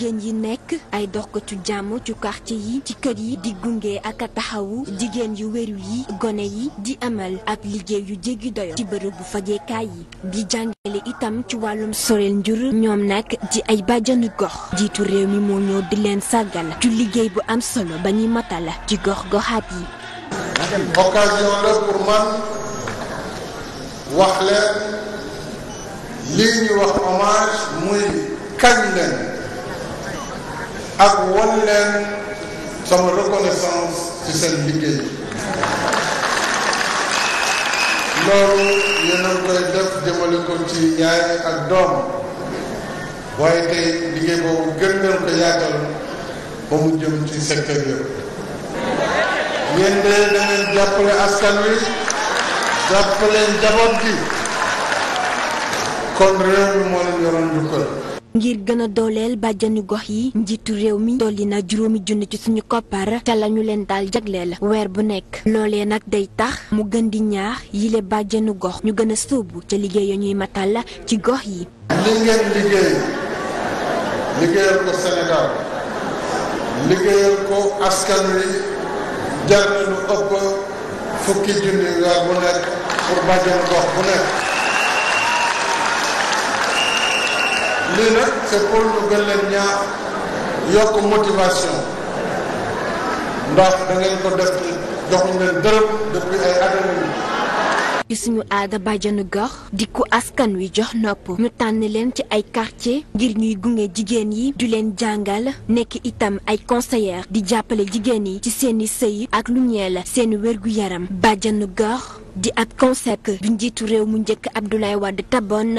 jigéen yi nekk ay doxkatu jàmm ci quartier yi ci kër yi di gunge ak a taxawu jigéen yu wéru yi gone yi di amal ab liggéey yu jéggi doyo ci bërëbu fajekaay yi di jàngale itam ci wàllum soreel njur ñoom nag di ay bàjjanu gox jiitu réew mi moo ñëw di leen sàggal ci liggéey bu am solo ba ñuy matala ci gox goxaat yi occasion la pour man wax leen lii ñu wax hommage muy kañ leen ak won leen sama reconnaissance ci seen liggéey loolu yéen a koy def jëmale ko ci yaay ak doom waaye tey liggéey boobu gën ngeen ko yaatal ba mu jëm ci secteur yëpp yéen de da jàppale askan wi jàppale njaboot gi kon réew moo leen yoroon jukkal ngir gën a dooleel bàjjanu gox yi njiitu réew mi dolli na juróomi junni ci suñu koppar ca la ñu leen daal la weer bu nekk loolee nag day tax mu gën di ñaax yile bàjjanu gox ñu gën a sóobu ca liggéey ya ñuy matal ci gox yi. li ngeen liggéey liggéeyal ko Sénégal liggéeyal ko askan wi jar na ëpp fukki junni weer bu nekk pour bàjjanu gox bu nekk. lii nag aada bàjjanu gox di ku askan wi jox nopp ñu tànn leen ci ay quartier ngir ñuy gunge jigéen yi du leen jàngal nekk itam ay conseillère di jàppale jigéen yi ci seeni sëy ak lu ñeel seeni wérgu yaram bàjjanu gox di ab concept bu njiitu réew mu njëkk Abdoulaye Wade taboon